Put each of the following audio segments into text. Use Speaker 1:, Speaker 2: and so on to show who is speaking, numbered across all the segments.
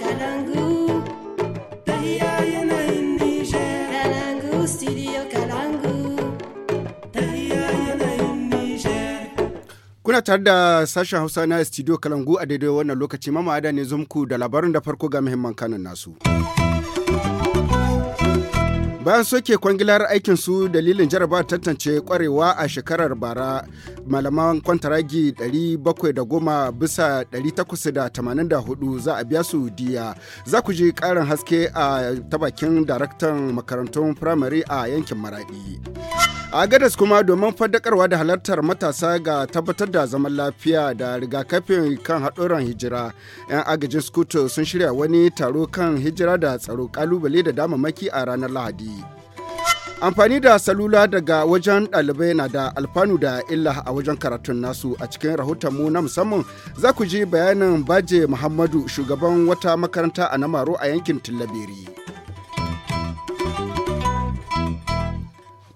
Speaker 1: Kalangu.
Speaker 2: Kuna tare da sashen Hausa na studio Kalangu a daidai wannan lokaci mamada ne zumku da labarin da farko ga muhimman kanin nasu. bayan soke kwangilar aikin su dalilin jaraba tantance kwarewa a shekarar bara malaman kwantaragi 710 bisa 884 za a biya su diya za ku ji karin haske a tabakin daraktan makarantun firamare a yankin maradi. a gadas kuma domin fadakarwa da halartar matasa ga tabbatar da zaman lafiya da rigakafin kan haɗoran hijira 'yan agajin skuto sun shirya wani taro kan hijira da tsaro kalubale da damamaki a ranar lahadi amfani da salula daga wajen ɗalibai na da alfanu da illa a wajen karatun nasu a cikin rahoton mu na musamman za ku ji bayanin baje muhammadu shugaban wata makaranta a namaro a yankin tillabiri.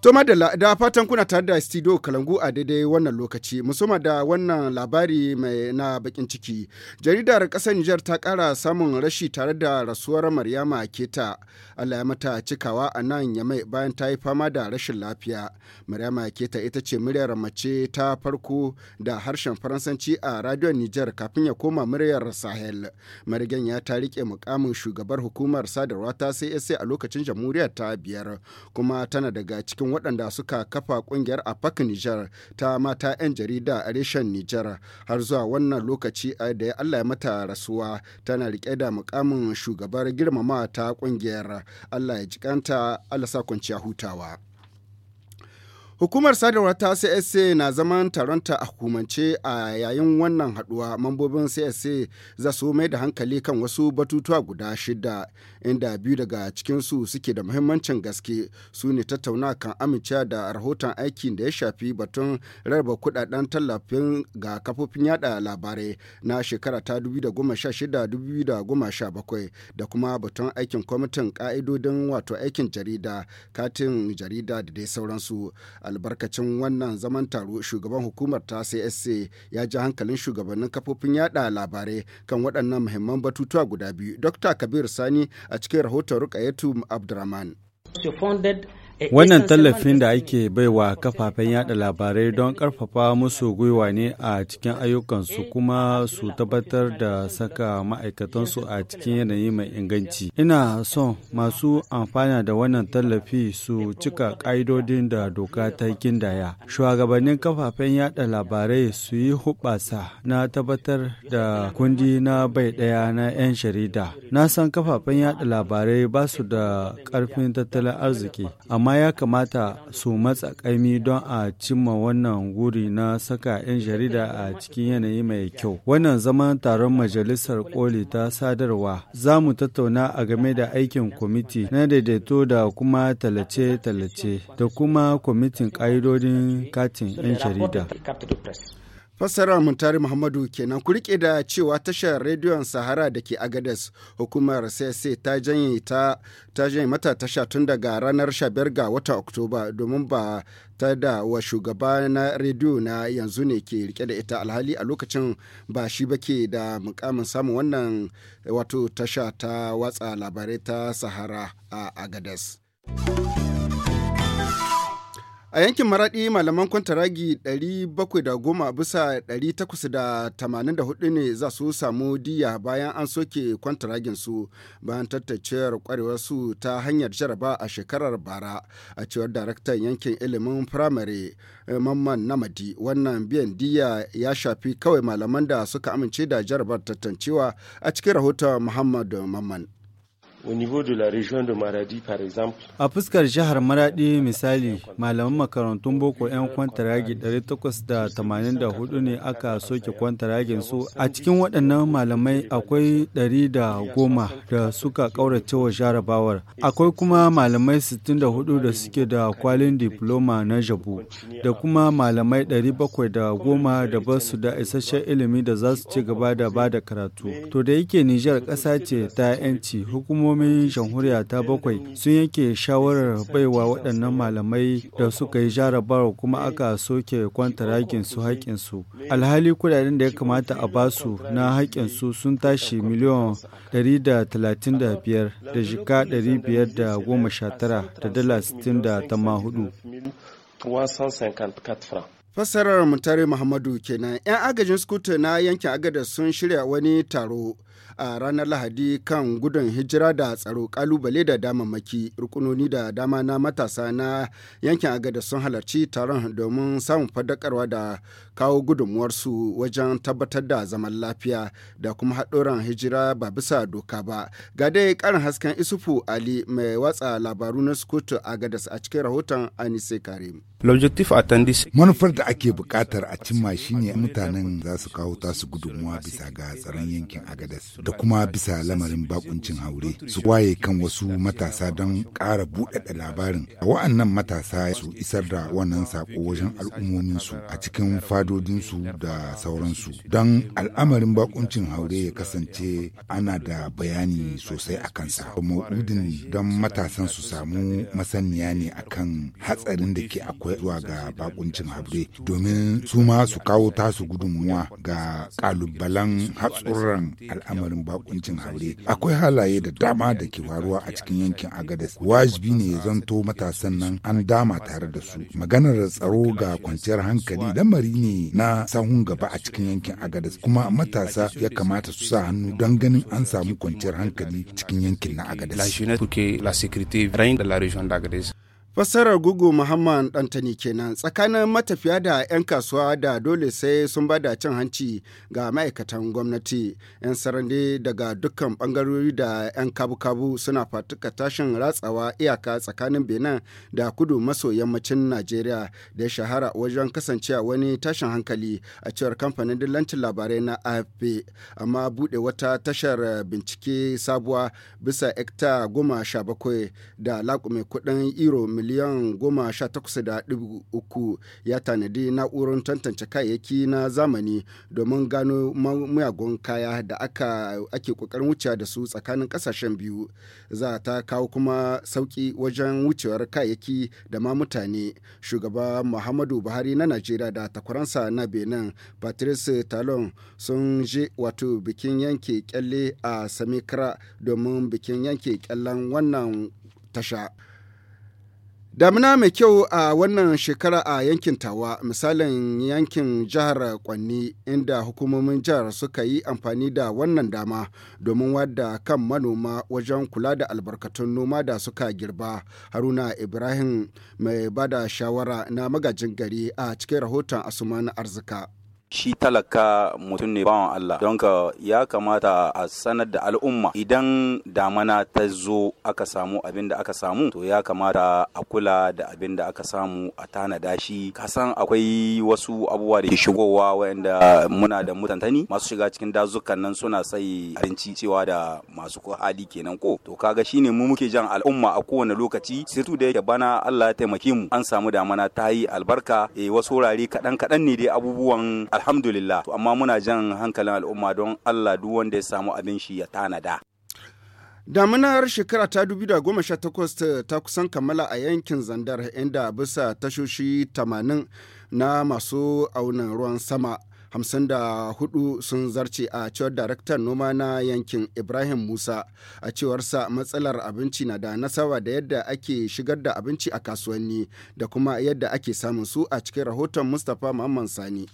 Speaker 2: To madalla da fatan kuna tare da studio Kalangu a daidai wannan lokaci musamman da wannan labari mai na bakin ciki. Jaridar ƙasar Nijar ta ƙara samun rashi tare da rasuwar Maryama Keta Allah ya mata cikawa a nan Yamai bayan ta yi fama da rashin lafiya. Maryama Keta ita ce muryar mace ta farko da harshen Faransanci a Radio Nijar kafin ya koma muryar Sahel. Marigan ya ta riƙe mukamin shugabar hukumar sadarwa ta CSA a lokacin jamhuriyar ta biyar kuma tana daga cikin waɗanda suka kafa ƙungiyar afak Nijar ta mata 'yan jarida a reshen Nijar har zuwa wannan lokaci da ya Allah ya mata rasuwa tana riƙe da mukamin shugabar girmama ta ƙungiyar Allah ya jikanta Allah sa kwanciya hutawa. Hukumar sadarwa ta CSA na zaman taronta a hukumance a yayin wannan haduwa mambobin CSA za su mai da hankali kan wasu batutuwa guda shida inda biyu daga cikinsu suke da muhimmancin gaske su ne tattauna kan amincewa da rahoton aikin da ya shafi batun rarraba kudaden tallafin ga kafofin yada labarai na shekara ta 2016-2017 da kuma batun aikin kwamitin ka'idodin wato aikin jarida katin jarida da dai sauransu. albarkacin wannan zaman taro shugaban hukumar ta csc ya ji hankalin shugabannin kafofin yada labarai kan waɗannan muhimman batutuwa guda biyu dr kabir sani a cikin rahoton rukayetu abdurrahman.
Speaker 1: Wannan tallafin da ake baiwa kafafen yada labarai don karfafa musu gwiwa ne a cikin ayyukansu kuma su tabbatar da saka ma'aikatansu a cikin yanayi mai inganci. Ina son masu amfana da wannan tallafi su cika ƙa'idodin da doka ta gindaya. Shugabannin kafafen yada labarai su yi hubasa na tabbatar da kundi na bai ɗaya na 'yan jarida. Na san kafafen yada labarai ba su da ƙarfin tattalin arziki, amma ya kamata su matsa ƙaimi don a cimma wannan guri na saka 'yan jarida a cikin yanayi mai kyau wannan zaman taron majalisar koli ta sadarwa za mu tattauna a game da aikin kwamiti na daidaito da kuma talace tallace da kuma kwamitin ƙa'idodin katin 'yan jarida
Speaker 2: Fassara Muntari Muhammadu kenan ku rike da cewa tashar rediyon Sahara da ke Agadez hukumar CSA ta janye ta ta janye mata tasha tun daga ranar 15 ga wata Oktoba domin ba ta da wa shugaba na rediyo na yanzu ne ke rike da ita alhali a lokacin ba shi ba ke da mukamin samun wannan wato tasha ta watsa labarai ta Sahara a Agadez. A yankin maradi malaman kwantaragi 710 bisa 884 ne za su samu diya bayan an soke kwantaraginsu bayan tattacewar kwarewar su ta hanyar jaraba a shekarar bara a cewar daraktan yankin ilimin firamare eh, Mamman Namadi wannan biyan diya ya shafi kawai malaman da suka amince da jarabar tattancewa a cikin rahoton muhammadu Mamman.
Speaker 1: A fuskar jihar Maradi misali, malaman makarantun boko 'yan kwantaragi 884 ne aka soke kwantaragin su. A cikin waɗannan malamai akwai 110 da suka ƙaurace wa jarabawar. Akwai kuma malamai 64 da suke da kwalin diploma na jabu, da kuma malamai 710 da ba su da isasshen ilimi da za su ci gaba da ba da karatu. To da yake Nijar ƙasa ce ta 'yanci hukumomi hukumomin jamhuriya ta bakwai sun yanke shawarar baiwa waɗannan malamai da suka yi jarabawa kuma aka soke kwantaragin su haƙƙinsu alhali kudaden da ya kamata a basu na su sun tashi miliyan 135 da jika 519 da dala 64 Fassarar Mutare
Speaker 2: Muhammadu kenan 'yan agajin skuta na yankin agada sun shirya wani taro a ranar Lahadi kan gudun hijira da tsaro kalubale da damammaki rukunoni da dama na matasa na yankin agada sun halarci taron domin samun fadakarwa da kawo gudunmuwarsu wajen tabbatar da zaman lafiya da kuma haɗoran hijira ba bisa doka ba. Ga dai ƙarin hasken Isufu Ali mai watsa labaru na Scott Agadas a cikin rahoton Anise Karim.
Speaker 3: Manufar da ake bukatar a cimma shine mutanen za su kawo tasu gudunmuwa bisa ga tsaron yankin Agadas da kuma bisa lamarin bakuncin haure su waye kan wasu matasa don ƙara buɗaɗa labarin. A wa'annan matasa su isar da wannan sako wajen al'ummominsu a cikin fadodinsu da sauransu don al'amarin bakuncin haure ya kasance ana da bayani sosai a kansa. Maududin don matasan su samu masaniya ne akan hatsarin da ke akwai. akwai zuwa ga bakuncin habre domin su ma su kawo tasu gudunmuwa ga kalubalen hatsuran al'amarin bakuncin habre akwai halaye da dama da ke faruwa a cikin yankin agadas wajibi ne ya zanto matasan nan an dama tare da su maganar tsaro ga kwanciyar hankali lamari ne na sahun gaba a cikin yankin agadas kuma matasa ya kamata su sa hannu don ganin an samu kwanciyar hankali cikin yankin na agadas la
Speaker 2: Fassarar Gugu Muhammad Dantani kenan tsakanin matafiya da 'yan kasuwa da dole sai sun ba da cin hanci ga ma'aikatan gwamnati. 'Yan sarande daga dukkan bangarori da 'yan kabu-kabu suna fatuka tashin ratsawa iyaka tsakanin Benin da kudu maso yammacin Najeriya da ya shahara wajen kasancewa wani tashin hankali a cewar kamfanin dillancin labarai na AFP. Amma buɗe wata tashar bincike sabuwa bisa ekta goma sha bakwai da laƙume kuɗin euro miliyan goma sha takwas da uku ya tanadi na'urar tantance kayayyaki na zamani domin gano mayagun kaya da aka ake kokarin wucewa da su tsakanin kasashen biyu za ta kawo kuma sauki wajen wucewar kayayyaki da ma mutane shugaba muhammadu buhari na najeriya da takwaransa na benin patrice talon sun je wato bikin yanke kyalle a samikra domin bikin yanke kyallen wannan tasha Damina mai kyau a wannan shekara a yankin Tawa, misalin yankin jihar Kwanni inda hukumomin jihar suka yi amfani da wannan dama domin wadda kan manoma wajen kula da albarkatun noma da suka girba. Haruna Ibrahim mai bada shawara na magajin gari a cikin rahoton Asuman Arzika. shi talaka mutum ne bawan Allah don ka ya kamata a sanar da al'umma idan damana ta zo aka samu abin da aka samu to ya kamata a kula da abin da aka samu a tanada shi kasan akwai wasu abubuwa da ke shigowa waɗanda muna da mutantani masu shiga cikin dazukan nan suna sai abinci cewa da masu ko hali kenan ko to kaga shine mu muke jan al'umma a kowane lokaci sirtu da yake bana Allah ya taimake mu an samu damana ta yi albarka eh wasu wurare kaɗan kaɗan ne dai abubuwan alhamdulillah to amma muna jan hankalin al'umma don Allah duk wanda ya samu abin shi ya tanada Daminar shekara ta 2018 ta kusan kammala a yankin Zandar inda bisa tashoshi 80 na masu aunin ruwan sama 54 sun zarce a cewar daraktan noma na yankin Ibrahim Musa a cewarsa matsalar abinci na da nasaba da yadda ake shigar da abinci a kasuwanni da kuma yadda ake samun su a cikin rahoton Mustapha Mamman Sani.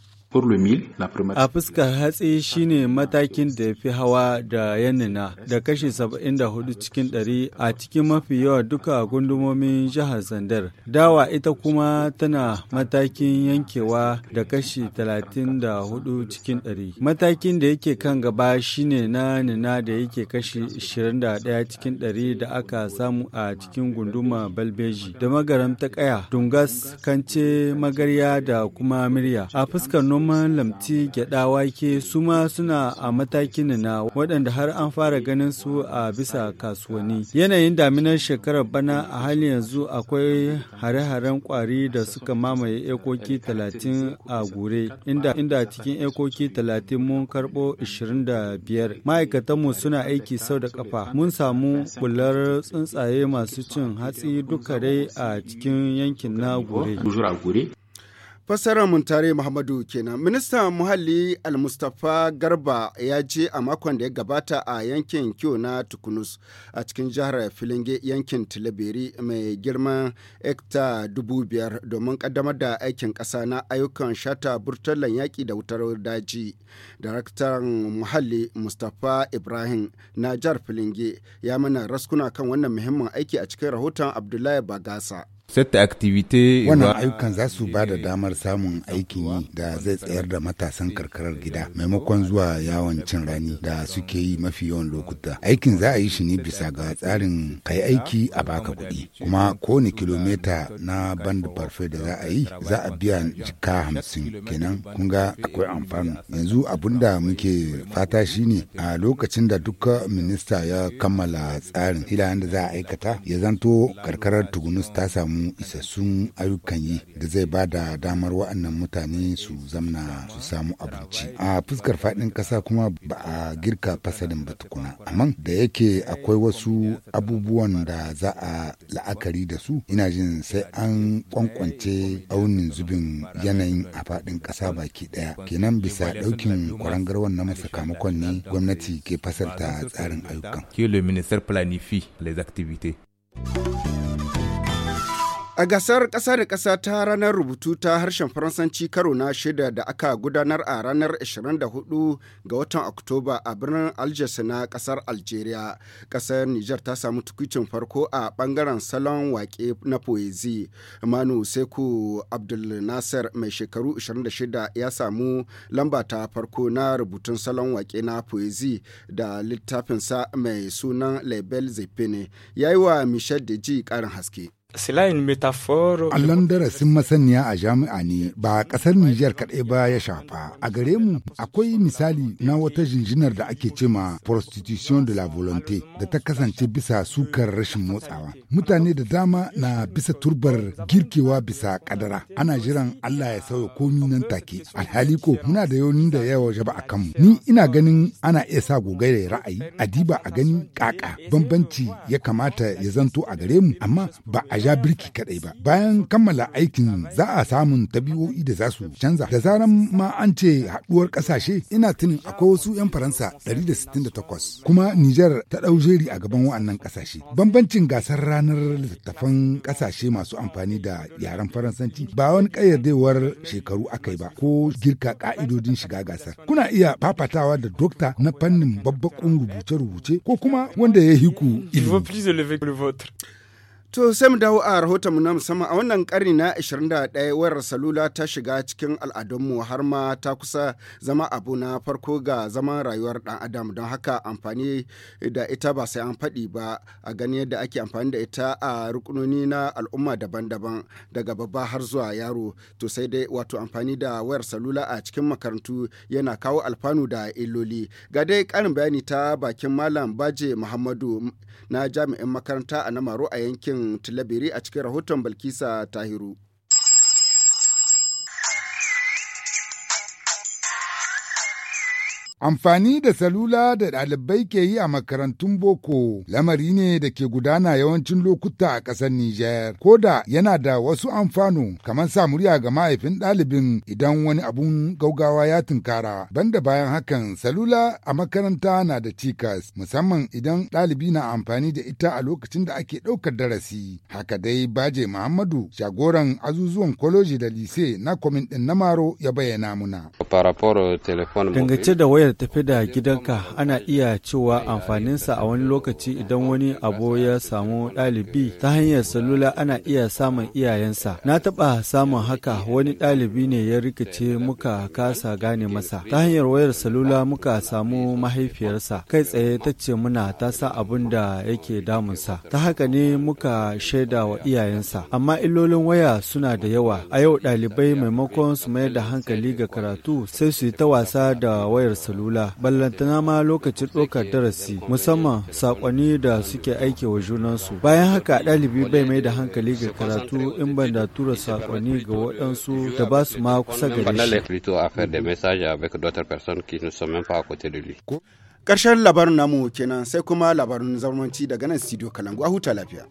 Speaker 1: A fuskar hatsi shine matakin da ya fi hawa da yanina da kashi 74 cikin 100 a cikin mafi yawa duka gundumomin jihar Zandar. Dawa ita kuma tana matakin yankewa da kashi 34 cikin 100. Matakin da yake kan gaba shine na nina da yake kashi 21 cikin 100 da aka samu a cikin gunduma Balbeji da magaram ta kaya, Dungas, Kance, Magarya da kuma Mirya. A fuskar kamar lamti gyada wake su ma suna a matakin na waɗanda har an fara ganin su a bisa kasuwanni yanayin daminar shekarar bana a halin yanzu akwai hare-haren kwari da suka mamaye ekoki 30 a gure inda cikin ekoki 30 mun karɓo 25 ma'aikatanmu suna aiki sau da kafa mun samu bular tsuntsaye masu cin hatsi duka dai a cikin yankin na gure
Speaker 2: Fassarar Muntare Muhammadu kenan. Ministan Muhalli Almustapha Garba ya je a makon da ya gabata a yankin Kyo na Tukunus a cikin jihar Filinge yankin Tilaberi mai girman hekta dubu biyar domin kaddamar da aikin ƙasa na ayyukan shata burtalan yaki da wutar daji. Daraktan Muhalli Mustapha Ibrahim na jihar Filinge ya mana raskuna kan wannan muhimmin aiki a cikin rahoton Abdullahi Bagasa.
Speaker 3: Sette aktivite Wannan ayyukan za su ba da damar samun aikin yi da zai tsayar da matasan karkarar gida maimakon zuwa yawon cin rani da suke yi mafi yawan lokuta. Aikin za a yi shi ne bisa ga tsarin kai aiki a baka kuɗi. Kuma kowane kilomita na band parfait da za a yi za a biya jika hamsin kenan kun ga akwai amfani. Yanzu abun da muke fata shine a lokacin da duka minista ya kammala tsarin filayen da za a aikata ya zanto karkarar tugunus ta samu samu isassun ayyukan yi da zai ba da damar wa'annan mutane su zamna su samu abinci a fuskar faɗin ƙasa kuma ba a girka fasalin ba tukuna amma da yake akwai wasu abubuwan da za a la'akari da su ina jin sai an kwankwance aunin zubin yanayin a faɗin ƙasa baki ɗaya kenan bisa ɗaukin kwarangar wannan sakamakon ne gwamnati ke fasalta tsarin ayyukan. Que le ministère planifie les activités.
Speaker 2: A gasar ƙasa da ƙasa ta ranar rubutu ta harshen Faransanci karo na shida da aka gudanar a ranar 24 ga watan Oktoba a birnin Algiers na ƙasar Algeria. Ƙasar Nijar ta samu tukucin farko a ɓangaren salon waƙe na poezi. Manu Seku Abdul Nasser mai shekaru 26 ya samu lamba ta farko na rubutun salon waƙe na poezi da littafinsa mai sunan Label Zepene. Ya yi wa Michel Deji ƙarin haske.
Speaker 3: Allon darasin masaniya a jami'a ne ba ƙasar Nijar kaɗai ba ya shafa. A gare mu akwai misali na wata jinjinar da ake cema prostitution de la volonté da ta kasance bisa sukar rashin motsawa. Mutane da dama na bisa turbar girkewa bisa kadara. Ana jiran Allah ya sauya komi nan take. Alhali ko muna da yoni da yawa jaba a kanmu. Ni ina ganin ana iya sa gogai da ra'ayi, adiba a gani kaka. Bambanci ya kamata ya zanto a gare mu amma ba a ja birki kadai ba. Bayan kammala aikin za a samun tabi'o'i da za su canza. Da zaran ma an ce haɗuwar ƙasashe ina tunin akwai wasu 'yan Faransa 168 kuma Nijar ta ɗau jeri a gaban wa'annan kasashe Bambancin gasar ranar littattafan ƙasashe masu amfani da yaren Faransanci ba wani kayyadewar shekaru akai ba ko girka ƙa'idodin shiga gasar. Kuna iya fafatawa da dokta na fannin babbaƙun rubuce-rubuce ko kuma wanda ya hiku ilimi.
Speaker 2: To sai mu dawo a rahotonmu na musamman a wannan karni na 21 wayar salula ta shiga cikin al'adunmu har ma ta kusa zama abu na farko ga zaman rayuwar dan adam don haka amfani da ita ba sai an faɗi ba a gani yadda ake amfani da ita a rukunoni na al'umma daban-daban daga babba har zuwa yaro to sai dai wato amfani da wayar salula a cikin makarantu yana kawo alfanu da illoli ga dai karin bayani ta bakin malam baje muhammadu na jami'in makaranta a namaro a yankin Tilabiri a cikin rahoton Balkisa Tahiru.
Speaker 3: Amfani da salula da ɗalibai ke yi a makarantun boko lamari ne da ke gudana yawancin lokuta a ƙasar Nijar, ko da yana da wasu amfano kamar sa murya ga mahaifin ɗalibin idan wani abun gaugawa ya tunkara. Banda bayan hakan salula a makaranta na da cikas musamman idan ɗalibi na amfani da ita a lokacin da ake ɗaukar darasi. Haka dai Baje Muhammadu jagoran azuzuwan kwaloji da lise na kwamin ɗin na Maro ya bayyana muna.
Speaker 2: Dangance da
Speaker 1: wayar hanyar tafi da gidanka ana iya cewa amfaninsa a wani lokaci idan wani abu ya samu ɗalibi ta hanyar salula ana iya samun iyayensa. Na taɓa samun haka wani ɗalibi ne ya rikice muka kasa gane masa. Ta hanyar wayar salula muka samu mahaifiyarsa kai tsaye ta ce muna ta sa abin da yake damunsa. Ta haka ne muka shaida wa iyayensa. Amma illolin waya suna da yawa. A yau ɗalibai maimakon su mayar da hankali ga karatu sai su yi ta wasa da wayar salula. salula ballantana ma lokacin ɗaukar darasi musamman sakonni da suke aiki wa junansu bayan haka ɗalibi bai mai da hankali ga karatu in ban da tura sakonni ga waɗansu da ba su ma kusa gare
Speaker 2: shi ƙarshen labarin namu kenan sai kuma labarin zamanci daga nan studio kalangu a huta lafiya